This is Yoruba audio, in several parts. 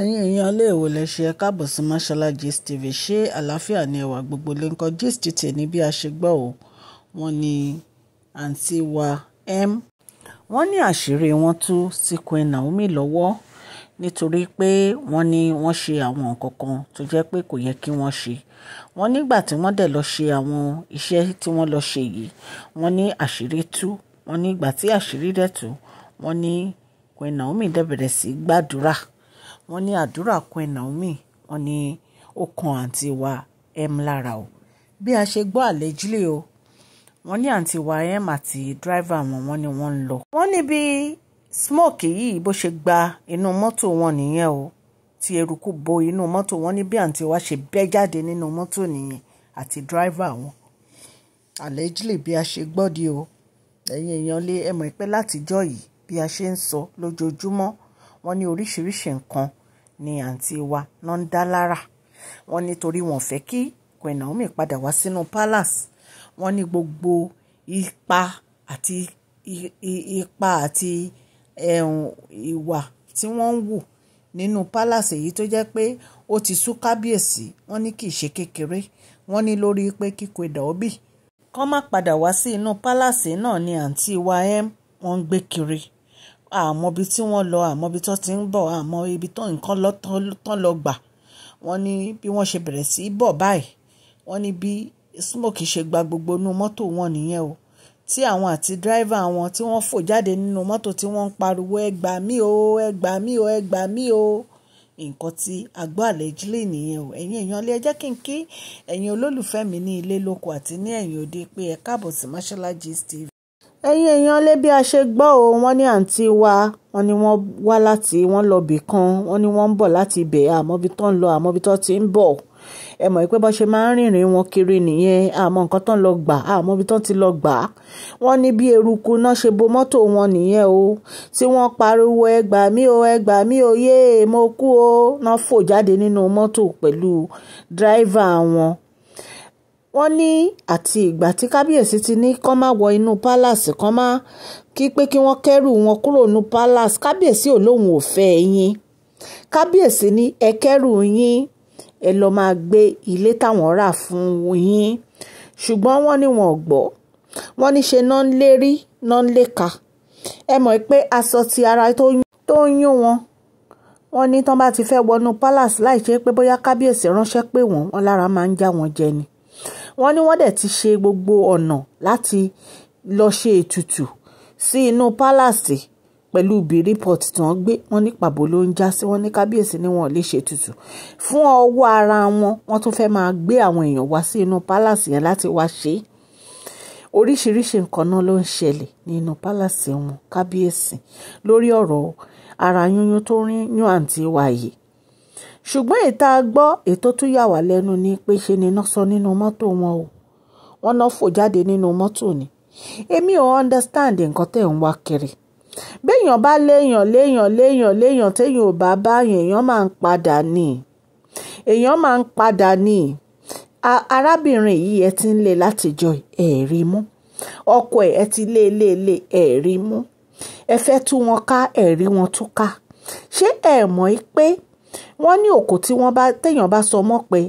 ẹ̀yin èèyàn ilé èwò lẹ ṣe ẹ káàbọ̀ sí Mashola Gist TV ṣé àlàáfíà ni ẹwà gbogbo lè ń kọ gist tè ní bí a ṣe gbọ́ o wọ́n ní àǹtí wa m wọ́n ní àṣírí wọn tú sí Queen Naomi lọ́wọ́ nítorí pé wọ́n ní wọ́n ṣe àwọn nǹkan kan tó jẹ́ pé kò yẹ kí wọ́n ṣe wọ́n nígbà tí wọ́n dẹ̀ lọ ṣe àwọn iṣẹ́ tí wọ́n lọ ṣe yìí wọ́n ní àṣírí tú wọ́n ní ìgbà tí àṣírí dẹ̀ tú wọ́n ní Queen Naomi dẹ̀ bẹ̀rẹ̀ sí gbàdúrà wọ́n ní àdúrà Queen Naomi wọ́n ní ó kan àǹtí wa m lára o bí a ṣe gbọ́ àlejò o wọ́n ní àǹtí wa m àti dírìvà wọn wọ́n ní wọ́n ń lọ. wọ́n ní bí smoke yìí bó ṣe gba inú mọ́tò wọn nìyẹn o tí eruku bo inú mọ́tò wọn ní bí àǹtí wa ṣe bẹ́ jáde nínú mọ́tò nìyẹn àti dírìvà wọn. àlejò bí a ṣe gbọ́ di o ẹ̀yin èèyàn lé ẹ̀mọ̀ ìpẹ́ látijọ́ yìí bí a ṣe ń sọ lójoojúmọ́ wọ́n ní oríṣiríṣi nǹkan ni àǹtí wa náà ń dá lára wọ́n ní torí wọ́n fẹ́ kí Queen Naomi padà wá sínú palace wọ́n ní gbogbo ipa àti ipa àti ìwà tí wọ́n ń wù nínú palace èyí tó jẹ́ pé ó ti sú kábíyèsí wọ́n ní kì í ṣe kékeré wọ́n ní lórí pé kí Queen kọ́ má padà wá sí inú palace náà ni àǹtí wa m wọ́n ń gbé kiri àmọ́ ibi tí wọ́n lọ àmọ́ ibi tó ti ń bọ̀ àmọ́ ibi tó nǹkan lọ tán lọ gbà wọ́n ní bí wọ́n ṣe bẹ̀rẹ̀ sí í bọ̀ báyìí wọ́n ní bí smoke ṣe gba gbogbo inú mọ́tò wọn nìyẹn o tí àwọn àti dírẹ́fà wọn tí wọ́n fò jáde nínú mọ́tò tí wọ́n ń pariwo ẹ gbà mí o ẹ gbà mí o ẹ gbà mí o nǹkan tí agbó àlẹ́jílẹ̀ nìyẹn o ẹ̀yin èèyàn ilé ẹjẹ́ kí n kí ẹ̀yin olólùfẹ́ mi ní ilé lóko àti ní ẹ̀yìn òde pé ẹ káàbọ̀ sí Mashola Gist ẹ̀yin èèyàn lé bí a ṣe gbọ́ o wọ́n ní àǹtí wa wọ́n ní wọ́n wá láti wọ́n lọ bì kan wọ́n ní wọ́n ń bọ̀ láti ibẹ̀ àmọ́bi tó ń lọ àmọ́bi tó ti ń bọ̀ ẹ mọ̀ pé bó ṣe máa ń rìnrìn wọn kiri nìyẹn àmọ́ nǹkan tó ń lọ gbà àmọ́ ibi tó ti lọ gbà á wọ́n ní bí eruku náà ṣe bo mọ́tò wọn nìyẹn o tí wọ́n pariwo ẹ gbà mí o ẹ gbà mí o yéé mo kú o náà fò jáde nínú mọ́tò pẹ̀lú dráìvà wọn wọ́n ní àti ìgbà tí kábíyèsí ti ní kán má wọ inú palace kán má kí pé kí wọ́n kẹ́rù wọn kúrò ní palace kábíyèsí ò lóun ò fẹ́ yín kábíyèsí ní ẹ kẹ́rù yín ẹ lọ́ọ́ máa gbé ilé táwọn rà fún yín ṣùgbọ́n wọ́n ní wọn ò gbọ́ wọ́n ní ṣe náà ń lérí náà ń léka ẹ mọ̀ pé aṣọ ti ara tó ń yún wọn wọ́n ní tán bá ti fẹ́ wọnú palace láì ṣe pé bóyá kábíyèsí ránṣẹ́ pé wọ́n wọn lára máa ń já wọn jẹ ni wọ́n ní wọ́n dẹ̀ ti ṣe gbogbo ọ̀nà láti lọ ṣe ètùtù sí inú pálàsì pẹ̀lú bìrìpọ̀t tí wọ́n gbé wọ́n ní pàbó ló ń já sí wọ́n ní kábíyèsí ni wọ́n lè ṣètùtù fún ọwọ́ ara wọn wọ́n tún fẹ́ máa gbé àwọn èèyàn wá sí inú pálàsì yẹn láti wá ṣe é oríṣiríṣi nǹkan náà ló ń ṣẹlẹ̀ nínú pálàsì wọn kábíyèsí lórí ọ̀rọ̀ ara yúnyún tó ń rí yún àǹtí wa yìí ṣùgbọ́n ìta gbọ́ ètò tún yà wá lẹ́nu ni pé ṣe ni iná sọ nínú mọ́tò wọn o wọn náà fò jáde nínú mọ́tò ni èmi ò understand nǹkan tẹ̀ ń wá kiri béèyàn bá léèyàn léèyàn léèyàn léèyàn téèyàn ò bá báyàn èèyàn máa ń padà ní èèyàn máa ń padà ní arábìnrin yìí ẹ ti ń lé látijọ́ ẹ̀ẹ̀rí mú ọkọ ẹ̀ ẹ ti lé lé lé ẹ̀ẹ̀rí mú ẹ fẹ́ tú wọn ká ẹ̀ẹ̀rí wọn tú ká ṣé ẹ mọ̀ pé wọ́n ní òkò tí wọ́n bá téèyàn bá sọ mọ́ pé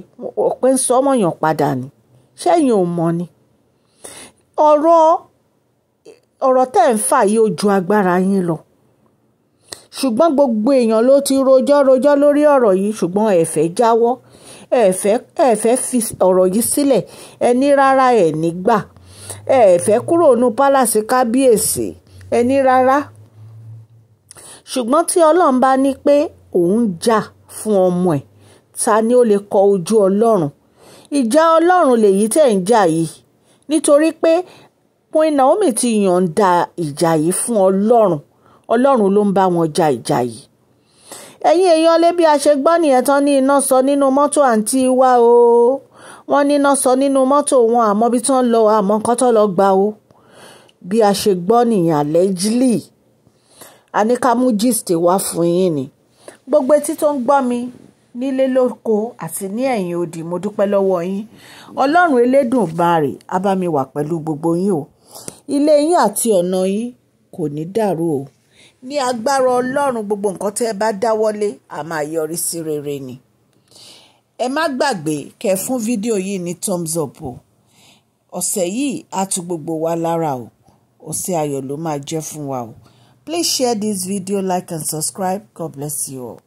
ọ̀pẹ ń sọ mọ̀yàn padà ni ṣẹ́yìn ò mọ̀ ni ọ̀rọ̀ ọ̀rọ̀ tẹ́ ń fà yìí ó ju agbára yín lọ ṣùgbọ́n gbogbo èèyàn ló ti rojọ́ rojọ́ lórí ọ̀rọ̀ yìí ṣùgbọ́n ẹ jáwọ́ ẹ fẹ́ fi ọ̀rọ̀ yìí sílẹ̀ ẹni rárá ẹ̀ nígbà ẹ kúrò nu pálàsì kábíyèsí ẹni rárá ṣùgbọ́n tí ọlọ́run bá ní pé òun jà ja fún ọmọ ẹ̀ ta ni ó lè kọ ojú ọlọ́run ìjà ọlọ́run lèyí tẹ̀ ń jà yìí nítorí pé Queen Naomi ti yọ̀ǹda ìjà yìí fún ọlọ́run ọlọ́run ló ń bá wọn ja ìjà yìí ẹ̀yin èèyàn lé bí a ṣe gbọ́ nìyẹn tán ní iná sọ nínú mọ́tò àǹtí wa o wọ́n níná sọ nínú mọ́tò wọn àmọ́ bí tán lọ àmọ́ nǹkan lọ gbà o bí a ṣe gbọ́ nìyẹn allegedly a ní ká mú gist wá fún yín ni gbogbo etí tó ń gbọ́ mi nílé lóko àti ní ẹ̀yìn odi mo dúpẹ́ lọ́wọ́ yín ọlọ́run elédùnmarè á bá mi wà pẹ̀lú gbogbo yín o ilé yín àti ọ̀nà yín kò ní dàrú o ní agbára ọlọ́run gbogbo nǹkan tẹ́ ẹ bá dáwọ́lé á máa yọrí sí rere ni ẹ má gbàgbé kẹ́ fún fídíò yìí ní thumbs up o ọ̀sẹ̀ yìí á tu gbogbo wa lára o ọ̀sẹ̀ ayọ̀ ló máa jẹ́ fún wa o. Please share this video, like and subscribe. God bless you all.